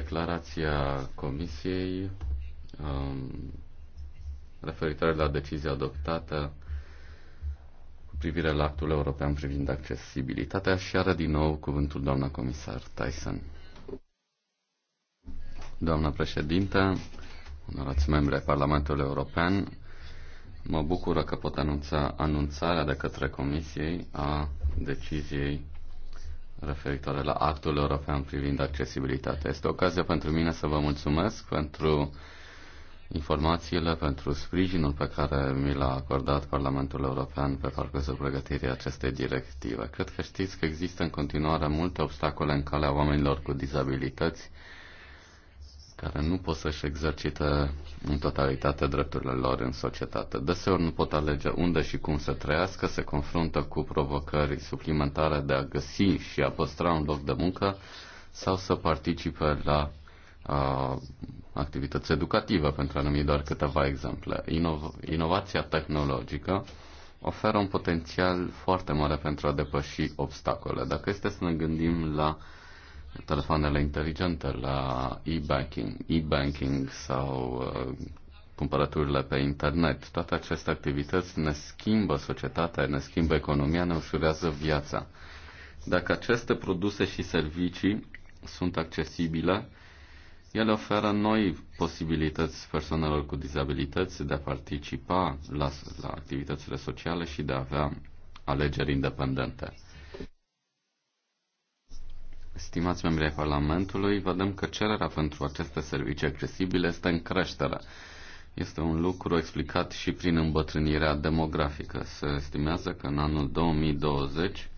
declarația Comisiei um, referitoare la decizia adoptată cu privire la actul european privind accesibilitatea și are din nou cuvântul doamna comisar Tyson. Doamna președintă, onorați membri ai Parlamentului European, mă bucură că pot anunța anunțarea de către Comisiei a deciziei referitoare la actul european privind accesibilitatea. Este ocazia pentru mine să vă mulțumesc pentru informațiile, pentru sprijinul pe care mi l-a acordat Parlamentul European pe parcursul pregătirii acestei directive. Cred că știți că există în continuare multe obstacole în calea oamenilor cu dizabilități care nu pot să-și exercite în totalitate drepturile lor în societate. Deseori nu pot alege unde și cum să trăiască, se confruntă cu provocări suplimentare de a găsi și a păstra un loc de muncă sau să participe la a, activități educative, pentru a numi doar câteva exemple. Inov- inovația tehnologică oferă un potențial foarte mare pentru a depăși obstacole. Dacă este să ne gândim la telefoanele inteligente, la e-banking, e-banking sau uh, cumpărăturile pe internet. Toate aceste activități ne schimbă societatea, ne schimbă economia, ne ușurează viața. Dacă aceste produse și servicii sunt accesibile, ele oferă noi posibilități persoanelor cu dizabilități de a participa la, la activitățile sociale și de a avea alegeri independente. Stimați membri ai Parlamentului, vedem că cererea pentru aceste servicii accesibile este în creștere. Este un lucru explicat și prin îmbătrânirea demografică. Se estimează că în anul 2020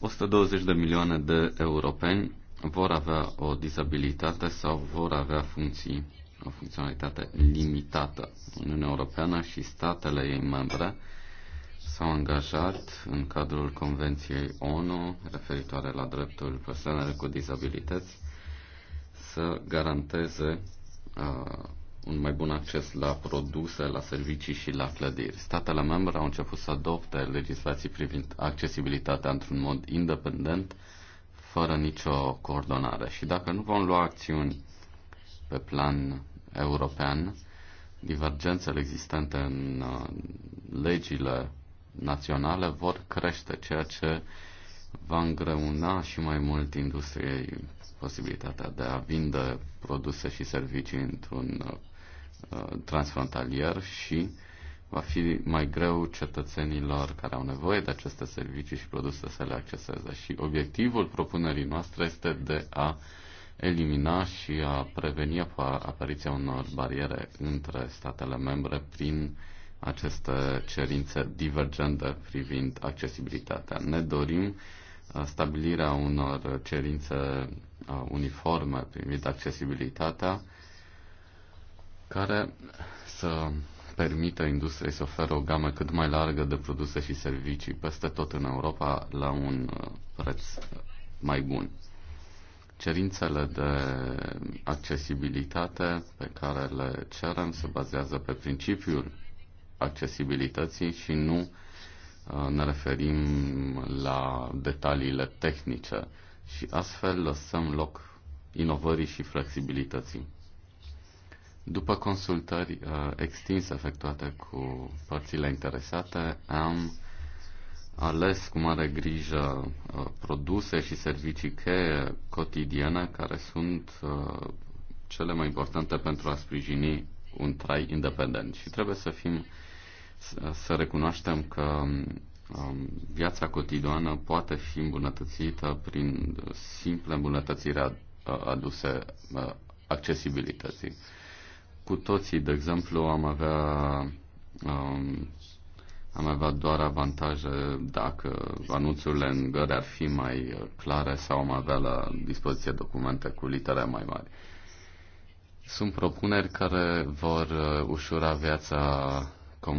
120 de milioane de europeni vor avea o dizabilitate sau vor avea funcții, o funcționalitate limitată. Uniunea Europeană și statele ei membre s-au angajat în cadrul Convenției ONU referitoare la dreptul persoanelor cu dizabilități să garanteze uh, un mai bun acces la produse, la servicii și la clădiri. Statele membre au început să adopte legislații privind accesibilitatea într-un mod independent, fără nicio coordonare. Și dacă nu vom lua acțiuni pe plan european, divergențele existente în uh, legile naționale vor crește, ceea ce va îngreuna și mai mult industriei posibilitatea de a vinde produse și servicii într-un uh, transfrontalier și va fi mai greu cetățenilor care au nevoie de aceste servicii și produse să le acceseze. Și obiectivul propunerii noastre este de a elimina și a preveni apariția unor bariere între statele membre prin uh, aceste cerințe divergente privind accesibilitatea. Ne dorim uh, stabilirea unor cerințe uh, uniforme privind accesibilitatea care să permită industriei să oferă o gamă cât mai largă de produse și servicii peste tot în Europa la un uh, preț mai bun. Cerințele de accesibilitate pe care le cerem se bazează pe principiul accesibilității și nu uh, ne referim la detaliile tehnice și astfel lăsăm loc inovării și flexibilității. După consultări uh, extinse efectuate cu părțile interesate, am ales cu mare grijă uh, produse și servicii cheie cotidiene care sunt cele mai importante pentru a sprijini un trai independent și trebuie să fim să recunoaștem că um, viața cotidiană poate fi îmbunătățită prin simple îmbunătățirea aduse uh, accesibilității. Cu toții, de exemplu, am avea, um, am avea doar avantaje dacă anunțurile în gări ar fi mai clare sau am avea la dispoziție documente cu litere mai mari. Sunt propuneri care vor uh, ușura viața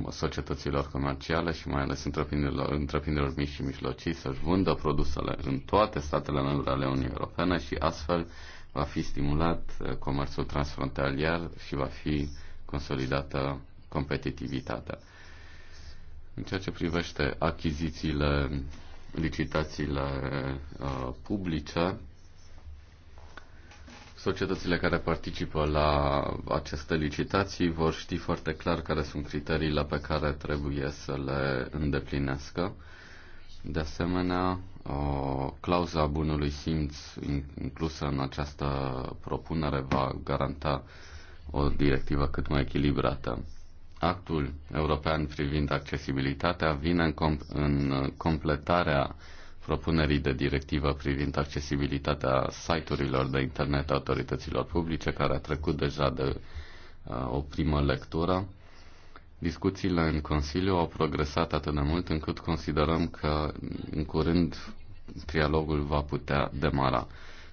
societăților comerciale și mai ales întreprinderilor, întreprinderilor mici și mijlocii să-și vândă produsele în toate statele membre ale Uniunii Europene și astfel va fi stimulat eh, comerțul transfrontalier și va fi consolidată competitivitatea. În ceea ce privește achizițiile, licitațiile uh, publice, Societățile care participă la aceste licitații vor ști foarte clar care sunt criteriile pe care trebuie să le îndeplinească. De asemenea, clauza bunului simț inclusă în această propunere va garanta o directivă cât mai echilibrată. Actul european privind accesibilitatea vine în, comp- în completarea propunerii de directivă privind accesibilitatea site-urilor de internet a autorităților publice, care a trecut deja de uh, o primă lectură. Discuțiile în Consiliu au progresat atât de mult încât considerăm că în curând trialogul va putea demara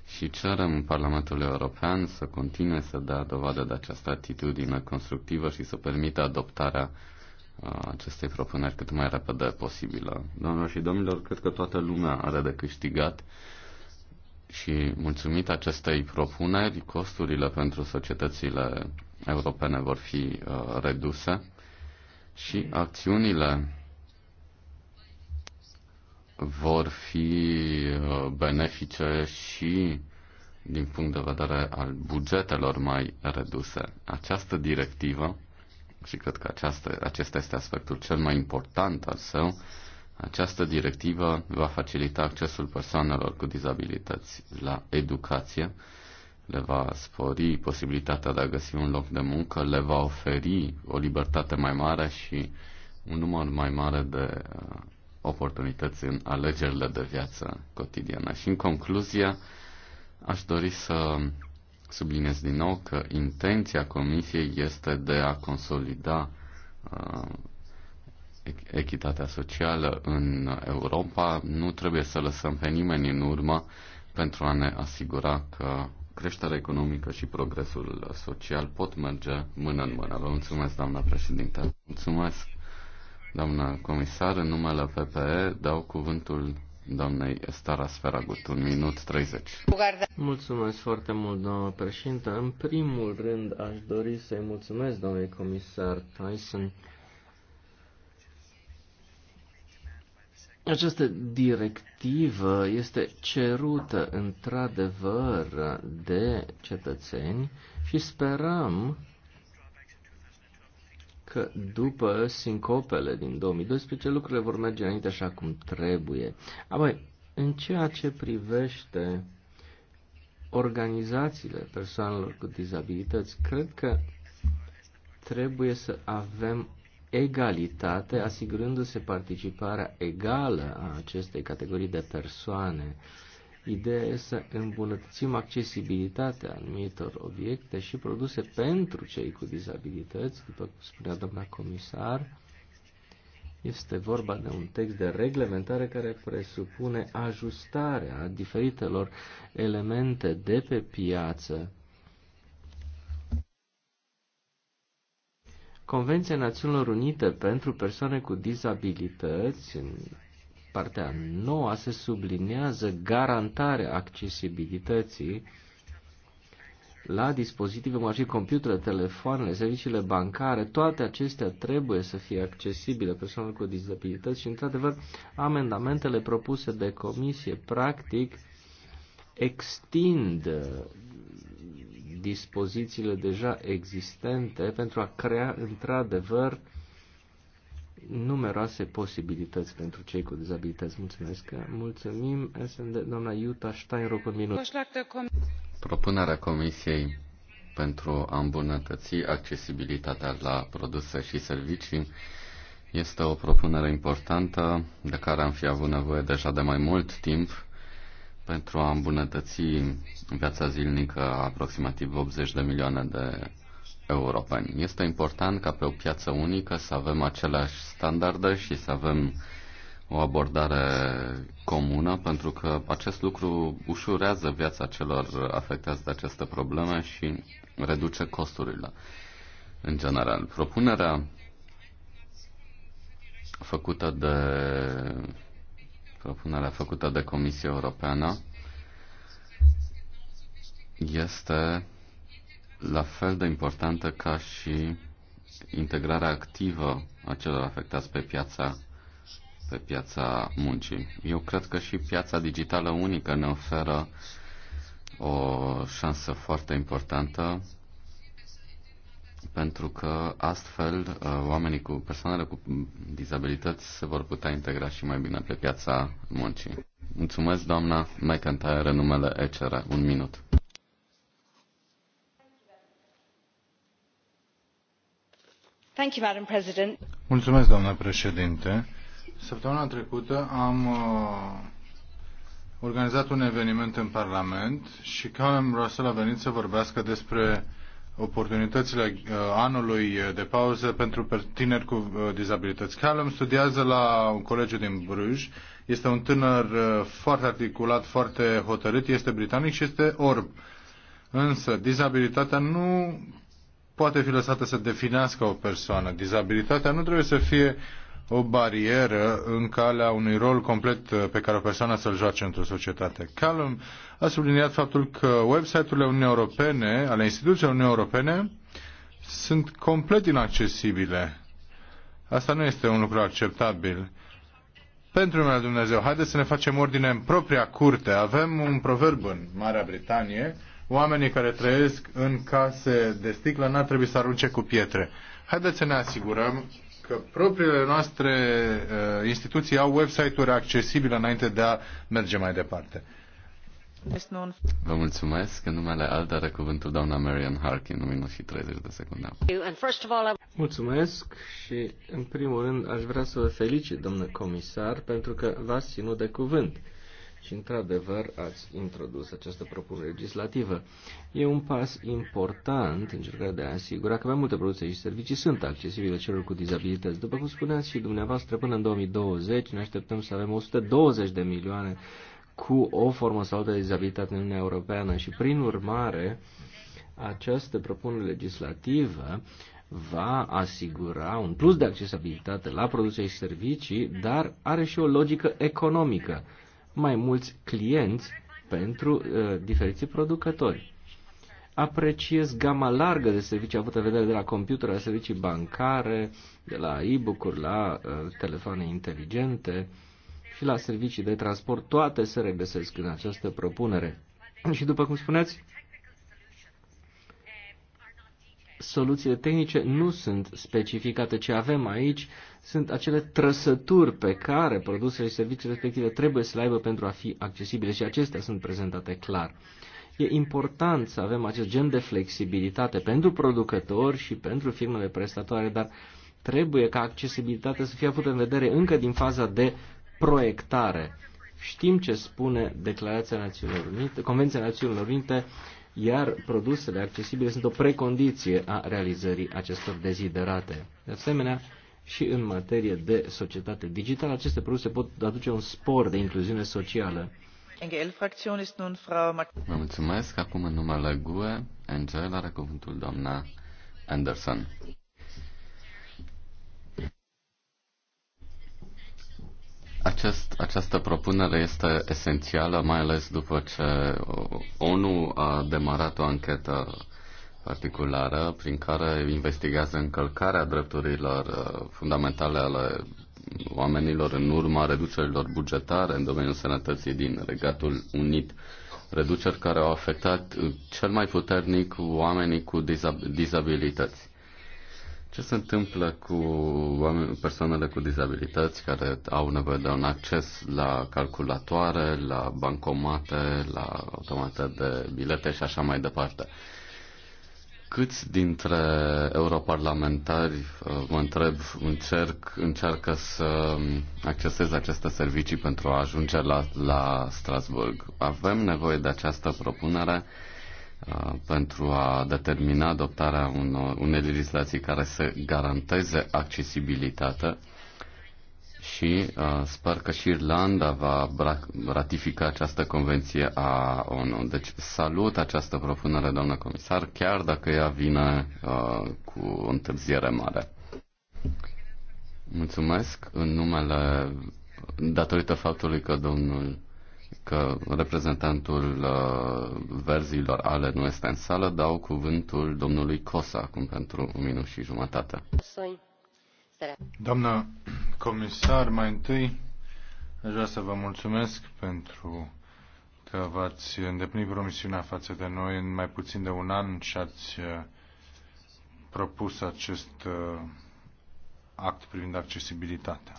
și cerem Parlamentul European să continue să dea dovadă de această atitudine constructivă și să permită adoptarea acestei propuneri cât mai repede posibilă. Domnilor și domnilor, cred că toată lumea are de câștigat și mulțumit acestei propuneri, costurile pentru societățile europene vor fi uh, reduse și acțiunile vor fi uh, benefice și din punct de vedere al bugetelor mai reduse. Această directivă și cred că aceasta, acesta este aspectul cel mai important al său, această directivă va facilita accesul persoanelor cu dizabilități la educație, le va spori posibilitatea de a găsi un loc de muncă, le va oferi o libertate mai mare și un număr mai mare de uh, oportunități în alegerile de viață cotidiană. Și în concluzie, aș dori să Subliniez din nou că intenția Comisiei este de a consolida uh, echitatea socială în Europa. Nu trebuie să lăsăm pe nimeni în urmă pentru a ne asigura că creșterea economică și progresul social pot merge mână în mână. Vă mulțumesc, doamna președinte. Mulțumesc, doamna comisar. În numele PPE dau cuvântul doamnei Estara Sferagut. Un minut 30. Mulțumesc foarte mult, doamna președinte. În primul rând aș dori să-i mulțumesc doamnei comisar Tyson. Această directivă este cerută într-adevăr de cetățeni și sperăm că după sincopele din 2012 lucrurile vor merge înainte așa cum trebuie. Apoi, în ceea ce privește organizațiile persoanelor cu dizabilități, cred că trebuie să avem egalitate, asigurându-se participarea egală a acestei categorii de persoane Ideea este să îmbunătățim accesibilitatea anumitor obiecte și produse pentru cei cu dizabilități, după cum spunea doamna comisar. Este vorba de un text de reglementare care presupune ajustarea diferitelor elemente de pe piață. Convenția Națiunilor Unite pentru persoane cu dizabilități în partea nouă se subliniază garantarea accesibilității la dispozitive, cum ar fi computere, telefoanele, serviciile bancare, toate acestea trebuie să fie accesibile persoanelor cu dizabilități și, într-adevăr, amendamentele propuse de comisie, practic, extind dispozițiile deja existente pentru a crea, într-adevăr, numeroase posibilități pentru cei cu dizabilități. Mulțumesc. Mulțumim, SND, doamna Iuta Steinruck, un minut. Propunerea Comisiei pentru a îmbunătăți accesibilitatea la produse și servicii este o propunere importantă de care am fi avut nevoie deja de mai mult timp pentru a îmbunătăți viața zilnică a aproximativ 80 de milioane de europeni. Este important ca pe o piață unică să avem aceleași standarde și să avem o abordare comună, pentru că acest lucru ușurează viața celor afectați de aceste probleme și reduce costurile. În general, propunerea făcută de propunerea făcută de Comisia Europeană este la fel de importantă ca și integrarea activă a celor afectați pe piața pe piața muncii. Eu cred că și piața digitală unică ne oferă o șansă foarte importantă pentru că astfel uh, oamenii cu persoanele cu dizabilități se vor putea integra și mai bine pe piața muncii. Mulțumesc, doamna McIntyre, numele ECR. Un minut. Mulțumesc, doamnă președinte. Săptămâna trecută am uh, organizat un eveniment în Parlament și carmen Russell a venit să vorbească despre oportunitățile uh, anului de pauză pentru tineri cu uh, dizabilități. Callum studiază la un colegiu din Bruj, este un tânăr foarte articulat, foarte hotărât, este britanic și este orb. Însă, dizabilitatea nu poate fi lăsată să definească o persoană. Dizabilitatea nu trebuie să fie o barieră în calea unui rol complet uh, pe care o persoană să-l joace într-o societate. Callum a subliniat faptul că website-urile Uniunii Europene, ale instituțiilor Uniunii Europene, sunt complet inaccesibile. Asta nu este un lucru acceptabil. Pentru numele Dumnezeu, haideți să ne facem ordine în propria curte. Avem un proverb în Marea Britanie oamenii care trăiesc în case de sticlă n-ar trebui să arunce cu pietre. Haideți să ne asigurăm că propriile noastre uh, instituții au website-uri accesibile înainte de a merge mai departe. Vă mulțumesc. În numele alt are cuvântul doamna Marian Harkin, un minut și 30 de secunde. Mulțumesc și în primul rând aș vrea să vă felicit, domnule comisar, pentru că v-ați ținut de cuvânt și, într-adevăr, ați introdus această propunere legislativă. E un pas important în încercarea de a asigura că mai multe produse și servicii sunt accesibile celor cu dizabilități. După cum spuneați și dumneavoastră, până în 2020 ne așteptăm să avem 120 de milioane cu o formă sau altă de dizabilitate în Uniunea Europeană și, prin urmare, această propunere legislativă va asigura un plus de accesibilitate la produse și servicii, dar are și o logică economică mai mulți clienți pentru uh, diferiții producători. Apreciez gama largă de servicii avută în vedere de la computer, la servicii bancare, de la e book la uh, telefoane inteligente și la servicii de transport. Toate se regăsesc în această propunere. Și după cum spuneați, soluțiile tehnice nu sunt specificate. Ce avem aici sunt acele trăsături pe care produsele și serviciile respective trebuie să le aibă pentru a fi accesibile și acestea sunt prezentate clar. E important să avem acest gen de flexibilitate pentru producători și pentru firmele prestatoare, dar trebuie ca accesibilitatea să fie avută în vedere încă din faza de proiectare. Știm ce spune Declarația Națiunilor Unite, Convenția Națiunilor Unite iar produsele accesibile sunt o precondiție a realizării acestor deziderate. De asemenea, și în materie de societate digitală, aceste produse pot aduce un spor de incluziune socială. Vă mulțumesc. Acum în numele GUE, Angel are cuvântul doamna Anderson. Acest, această propunere este esențială, mai ales după ce ONU a demarat o anchetă particulară prin care investigează încălcarea drepturilor uh, fundamentale ale oamenilor în urma reducerilor bugetare în domeniul sănătății din Regatul Unit. Reduceri care au afectat cel mai puternic oamenii cu dizabilități. Ce se întâmplă cu persoanele cu dizabilități care au nevoie de un acces la calculatoare, la bancomate, la automate de bilete și așa mai departe? Câți dintre europarlamentari, mă uh, întreb, încerc, încearcă să acceseze aceste servicii pentru a ajunge la, la Strasburg? Avem nevoie de această propunere Uh, pentru a determina adoptarea unor, unei legislații care să garanteze accesibilitatea și uh, sper că și Irlanda va ratifica această convenție a ONU. Deci salut această propunere, doamnă comisar, chiar dacă ea vine uh, cu întârziere mare. Mulțumesc în numele, datorită faptului că domnul că reprezentantul uh, verzilor ale nu este în sală, dau cuvântul domnului Cosa acum pentru un minut și jumătate. Doamna comisar, mai întâi aș vrea să vă mulțumesc pentru că v-ați îndeplinit promisiunea față de noi în mai puțin de un an și ați uh, propus acest uh, act privind accesibilitatea.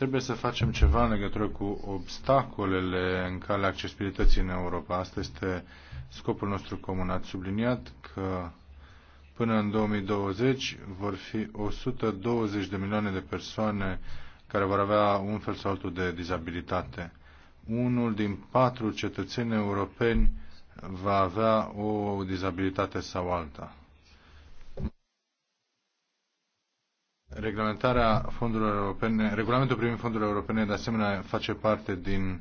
Trebuie să facem ceva în legătură cu obstacolele în calea accesibilității în Europa. Asta este scopul nostru comun. Ați subliniat că până în 2020 vor fi 120 de milioane de persoane care vor avea un fel sau altul de dizabilitate. Unul din patru cetățeni europeni va avea o dizabilitate sau alta. Reglementarea fondurilor europene, regulamentul privind fondurile europene de asemenea face parte din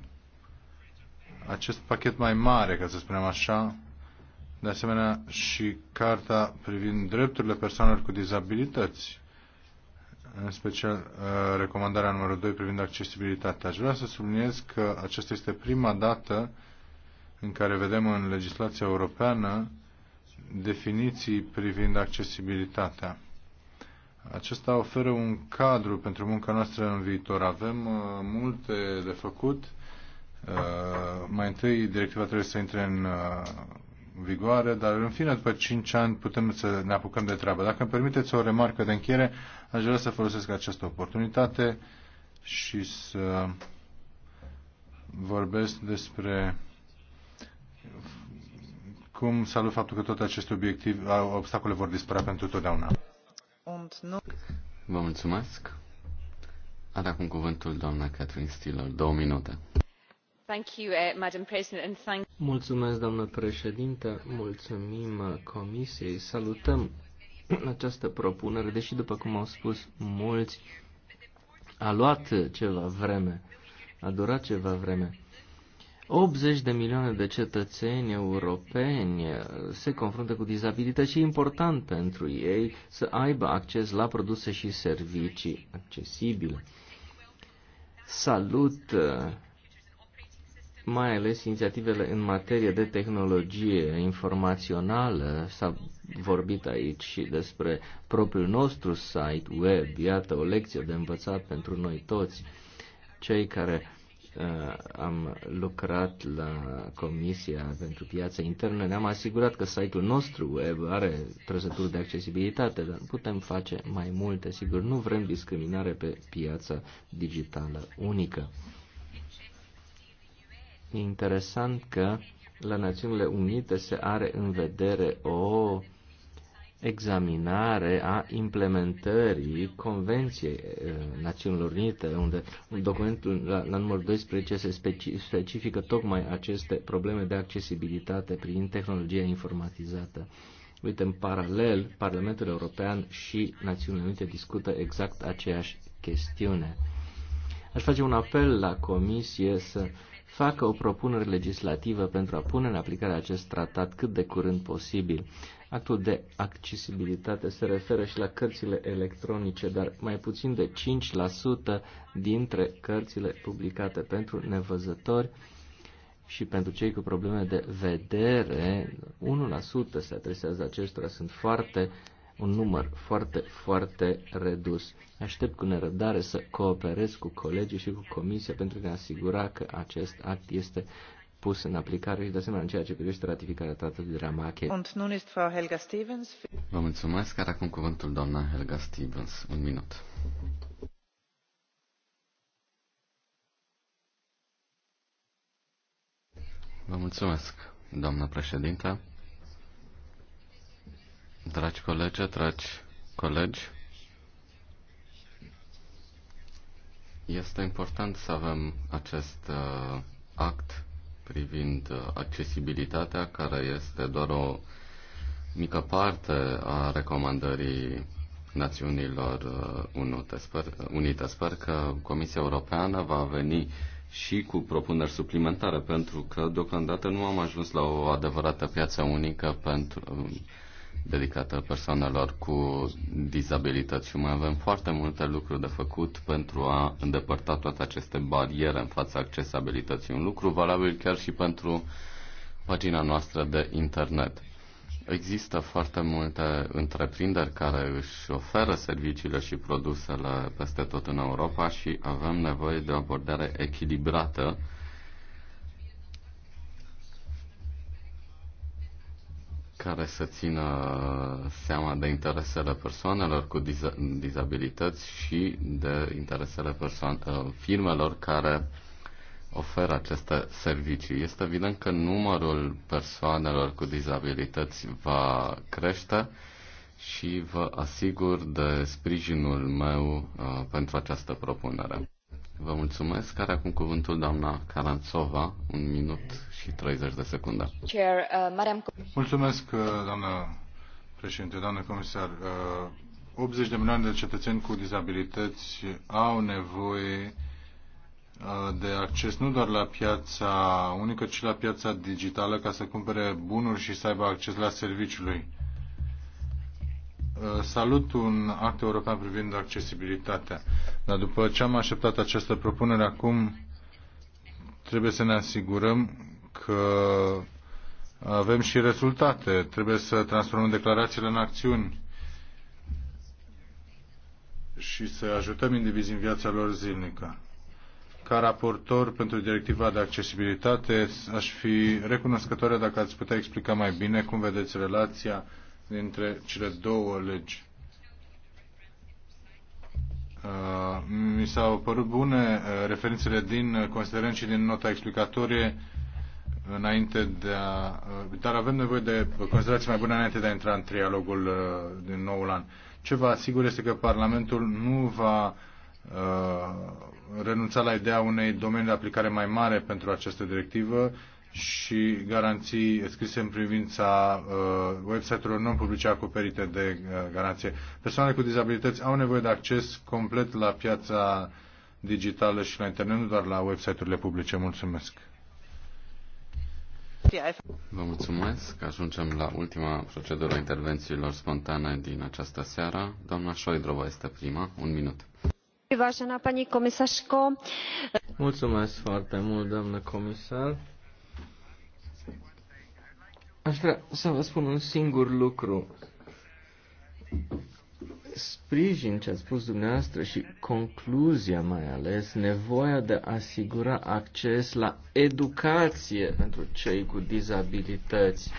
acest pachet mai mare, ca să spunem așa, de asemenea și carta privind drepturile persoanelor cu dizabilități, în special uh, recomandarea numărul 2 privind accesibilitatea. Aș vrea să subliniez că aceasta este prima dată în care vedem în legislația europeană definiții privind accesibilitatea. Acesta oferă un cadru pentru munca noastră în viitor. Avem uh, multe de făcut. Uh, mai întâi, directiva trebuie să intre în uh, vigoare, dar în fine, după 5 ani, putem să ne apucăm de treabă. Dacă îmi permiteți o remarcă de încheiere, aș vrea să folosesc această oportunitate și să vorbesc despre cum salut faptul că toate aceste obiective, obstacole vor dispărea pentru totdeauna. Vă mulțumesc. Are acum cuvântul doamna Catherine Stiller. Două minute. Eh, mulțumesc, doamnă președintă. Mulțumim eh, comisiei. Salutăm această propunere, deși, după cum au spus mulți, a luat ceva vreme, a durat ceva vreme. 80 de milioane de cetățeni europeni se confruntă cu dizabilități și e important pentru ei să aibă acces la produse și servicii accesibile. Salut mai ales inițiativele în materie de tehnologie informațională. S-a vorbit aici și despre propriul nostru site web. Iată o lecție de învățat pentru noi toți, cei care Uh, am lucrat la Comisia pentru Piața Internă, ne-am asigurat că site-ul nostru web are trăsături de accesibilitate, dar putem face mai multe. Sigur, nu vrem discriminare pe piața digitală unică. E interesant că la Națiunile Unite se are în vedere o examinare a implementării Convenției eh, Națiunilor Unite, unde documentul la, la numărul 12 se specifică tocmai aceste probleme de accesibilitate prin tehnologia informatizată. Uite, în paralel, Parlamentul European și Națiunile Unite discută exact aceeași chestiune. Aș face un apel la Comisie să facă o propunere legislativă pentru a pune în aplicare acest tratat cât de curând posibil. Actul de accesibilitate se referă și la cărțile electronice, dar mai puțin de 5% dintre cărțile publicate pentru nevăzători și pentru cei cu probleme de vedere, 1% se adresează acestora, sunt foarte un număr foarte, foarte redus. Aștept cu nerăbdare să cooperez cu colegii și cu comisia pentru a ne asigura că acest act este pus în aplicare și, de asemenea, în ceea ce privește ratificarea tratatului de la Mache. Vă mulțumesc, Are acum cuvântul doamna Helga Stevens. Un minut. Vă mulțumesc, doamna președintă. Dragi colegi, dragi colegi, este important să avem acest uh, act privind uh, accesibilitatea, care este doar o mică parte a recomandării Națiunilor uh, Unite. Sper, uh, Unite. Sper că Comisia Europeană va veni și cu propuneri suplimentare, pentru că deocamdată nu am ajuns la o adevărată piață unică pentru, um, dedicată persoanelor cu dizabilități și mai avem foarte multe lucruri de făcut pentru a îndepărta toate aceste bariere în fața accesibilității. Un lucru valabil chiar și pentru pagina noastră de internet. Există foarte multe întreprinderi care își oferă serviciile și produsele peste tot în Europa și avem nevoie de o abordare echilibrată care să țină seama de interesele persoanelor cu diz- dizabilități și de interesele persoan- ă, firmelor care oferă aceste servicii. Este evident că numărul persoanelor cu dizabilități va crește și vă asigur de sprijinul meu uh, pentru această propunere. Vă mulțumesc. Are acum cuvântul doamna Caranțova, un minut și 30 de secunde. Uh, mulțumesc, uh, doamna președinte, doamna comisar. 80 uh, de milioane de cetățeni cu dizabilități au nevoie de acces nu doar la piața unică, ci la piața digitală ca să cumpere bunuri și să aibă acces la serviciului Uh, salut un act european privind accesibilitatea. Dar după ce am așteptat această propunere, acum trebuie să ne asigurăm că avem și rezultate. Trebuie să transformăm declarațiile în acțiuni și să ajutăm indivizii în viața lor zilnică. Ca raportor pentru directiva de accesibilitate, aș fi recunoscătoare dacă ați putea explica mai bine cum vedeți relația dintre cele două legi. Uh, mi s-au părut bune uh, referințele din uh, considerent și din nota explicatorie înainte de a... Dar avem nevoie de considerații mai bune înainte de a intra în trialogul din noul an. Ce vă asigur este că Parlamentul nu va uh, renunța la ideea unei domenii de aplicare mai mare pentru această directivă și garanții scrise în privința uh, website-urilor non-publice acoperite de uh, garanție. Persoanele cu dizabilități au nevoie de acces complet la piața digitală și la internet, nu doar la website-urile publice. Mulțumesc! Vă mulțumesc. Ajungem la ultima procedură a intervențiilor spontane din această seară. Doamna Șoidrova este prima. Un minut. Mulțumesc foarte mult, doamnă comisar. Aș vrea să vă spun un singur lucru. Sprijin ce a spus dumneavoastră și concluzia mai ales, nevoia de a asigura acces la educație pentru cei cu dizabilități.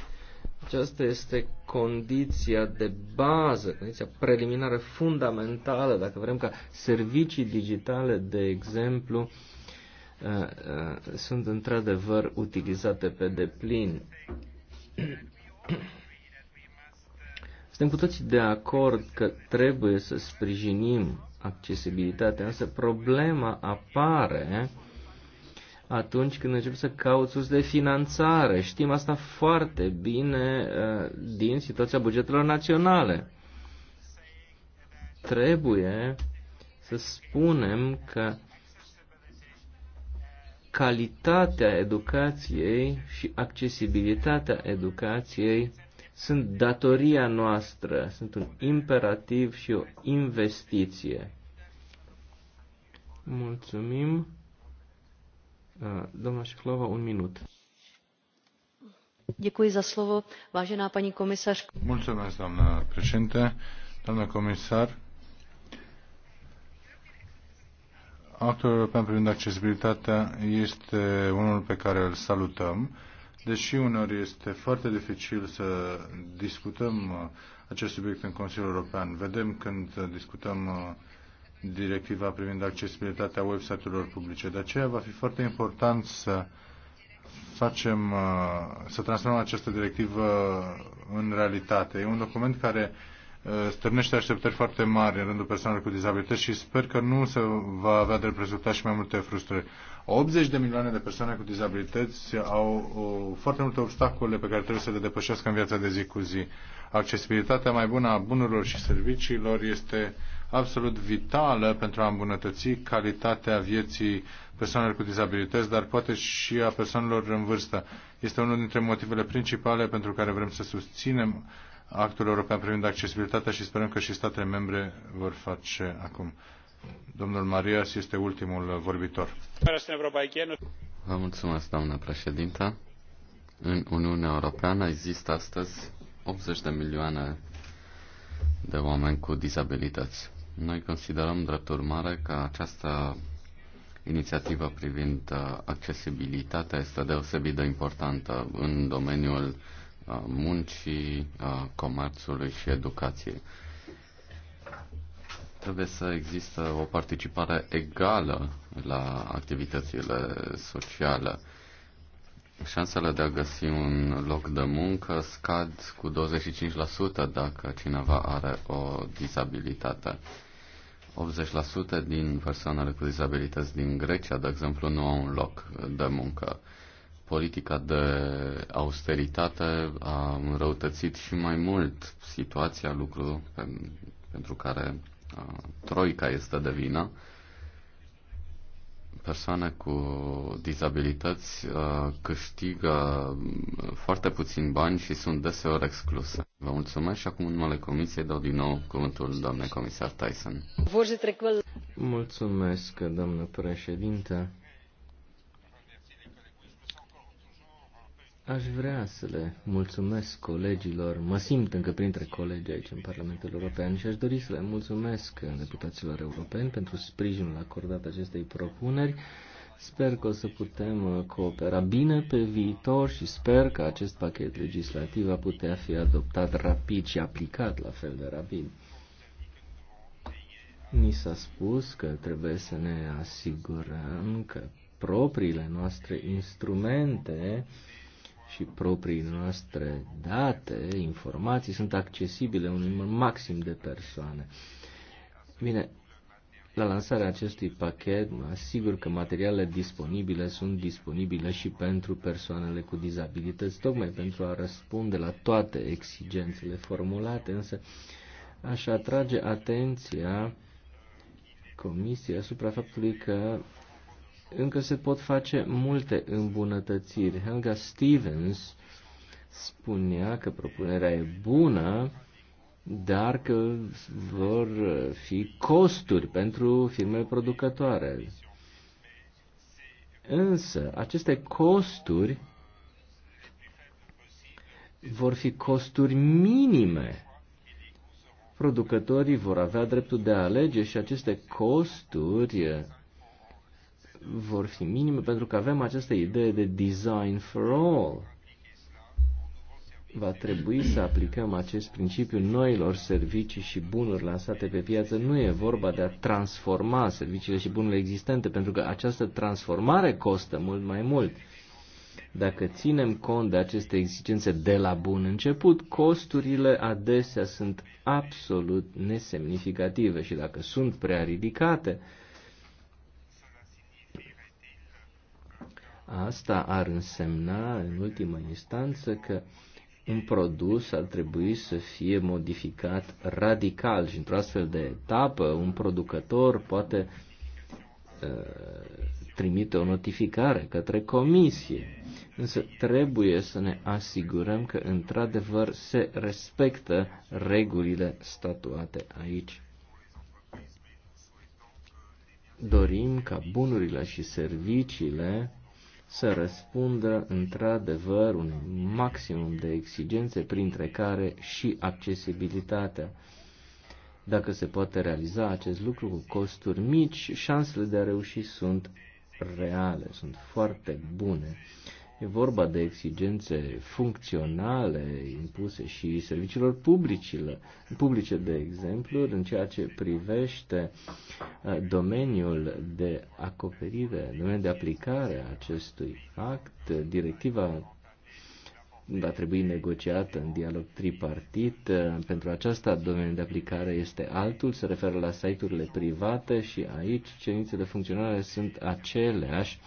Aceasta este condiția de bază, condiția preliminară fundamentală, dacă vrem ca servicii digitale, de exemplu, uh, uh, sunt într-adevăr utilizate pe deplin. Suntem cu toții de acord că trebuie să sprijinim accesibilitatea, însă problema apare atunci când încep să cauți sus de finanțare. Știm asta foarte bine uh, din situația bugetelor naționale. Trebuie să spunem că calitatea educației și accesibilitatea educației sunt datoria noastră, sunt un imperativ și o investiție. Mulțumim. Uh, doamna Șeflova, un minut. Děkuji za slovo, vážená paní komisařko. Mulțumesc, doamna președinte, doamna comisar. Actul european privind accesibilitatea este unul pe care îl salutăm, deși uneori este foarte dificil să discutăm acest subiect în Consiliul European. Vedem când discutăm directiva privind accesibilitatea website-urilor publice. De aceea va fi foarte important să facem, să transformăm această directivă în realitate. E un document care Uh, stârnește așteptări foarte mari în rândul persoanelor cu dizabilități și sper că nu se va avea de rezultat și mai multe frustrări. 80 de milioane de persoane cu dizabilități au o, foarte multe obstacole pe care trebuie să le depășească în viața de zi cu zi. Accesibilitatea mai bună a bunurilor și serviciilor este absolut vitală pentru a îmbunătăți calitatea vieții persoanelor cu dizabilități, dar poate și a persoanelor în vârstă. Este unul dintre motivele principale pentru care vrem să susținem actul european privind accesibilitatea și sperăm că și statele membre vor face acum. Domnul Marias este ultimul vorbitor. Vă mulțumesc, doamnă președintă. În Uniunea Europeană există astăzi 80 de milioane de oameni cu dizabilități. Noi considerăm drept urmare că această inițiativă privind uh, accesibilitatea este deosebit de importantă în domeniul muncii, comerțului și educației. Trebuie să există o participare egală la activitățile sociale. Șansele de a găsi un loc de muncă scad cu 25% dacă cineva are o dizabilitate. 80% din persoanele cu dizabilități din Grecia, de exemplu, nu au un loc de muncă politica de austeritate a înrăutățit și mai mult situația, lucru pentru care Troica este de vină. Persoane cu dizabilități câștigă foarte puțin bani și sunt deseori excluse. Vă mulțumesc și acum în numele Comisiei dau din nou cuvântul doamnei comisar Tyson. Mulțumesc, doamnă președinte. Aș vrea să le mulțumesc colegilor, mă simt încă printre colegi aici în Parlamentul European și aș dori să le mulțumesc deputaților europeni pentru sprijinul acordat acestei propuneri. Sper că o să putem uh, coopera bine pe viitor și sper că acest pachet legislativ va putea fi adoptat rapid și aplicat la fel de rapid. Ni s-a spus că trebuie să ne asigurăm că propriile noastre instrumente uh, și proprii noastre date, informații, sunt accesibile unui număr maxim de persoane. Bine, la lansarea acestui pachet, mă asigur că materialele disponibile sunt disponibile și pentru persoanele cu dizabilități, tocmai pentru a răspunde la toate exigențele formulate, însă aș atrage atenția Comisiei asupra faptului că încă se pot face multe îmbunătățiri. Helga Stevens spunea că propunerea e bună, dar că vor fi costuri pentru firmele producătoare. Însă, aceste costuri vor fi costuri minime. Producătorii vor avea dreptul de a alege și aceste costuri vor fi minime pentru că avem această idee de design for all. Va trebui să aplicăm acest principiu noilor servicii și bunuri lansate pe piață. Nu e vorba de a transforma serviciile și bunurile existente, pentru că această transformare costă mult mai mult. Dacă ținem cont de aceste exigențe de la bun început, costurile adesea sunt absolut nesemnificative și dacă sunt prea ridicate, Asta ar însemna, în ultimă instanță, că un produs ar trebui să fie modificat radical și într-o astfel de etapă un producător poate uh, trimite o notificare către comisie. Însă trebuie să ne asigurăm că într-adevăr se respectă regulile statuate aici. Dorim ca bunurile și serviciile să răspundă într-adevăr un maximum de exigențe, printre care și accesibilitatea. Dacă se poate realiza acest lucru cu costuri mici, șansele de a reuși sunt reale, sunt foarte bune. E vorba de exigențe funcționale impuse și serviciilor publicile, publice, de exemplu, în ceea ce privește uh, domeniul de acoperire, domeniul de aplicare a acestui act. Directiva va trebui negociată în dialog tripartit. Uh, pentru aceasta, domeniul de aplicare este altul, se referă la site-urile private și aici cerințele funcționale sunt aceleași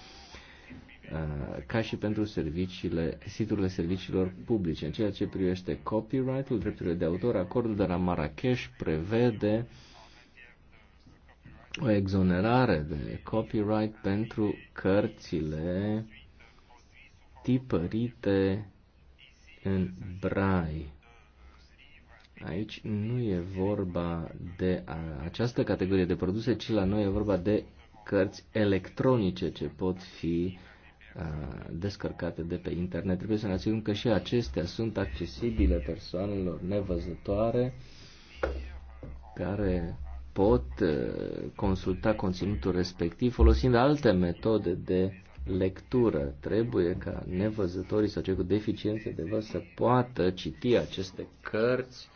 Uh, ca și pentru serviciile, siturile serviciilor publice. În ceea ce privește copyright-ul, drepturile de autor, acordul de la Marrakesh prevede o exonerare de copyright pentru cărțile tipărite în brai. Aici nu e vorba de această categorie de produse, ci la noi e vorba de cărți electronice ce pot fi uh, descărcate de pe internet. Trebuie să ne asigurăm că și acestea sunt accesibile persoanelor nevăzătoare care pot consulta conținutul respectiv folosind alte metode de lectură. Trebuie ca nevăzătorii sau cei cu deficiențe de văz să poată citi aceste cărți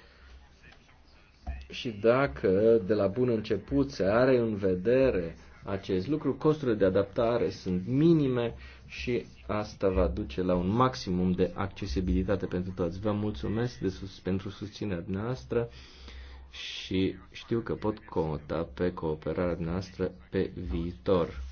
și dacă de la bun început se are în vedere acest lucru, costurile de adaptare sunt minime și asta va duce la un maximum de accesibilitate pentru toți. Vă mulțumesc de sus, pentru susținerea noastră și știu că pot conta pe cooperarea noastră pe viitor.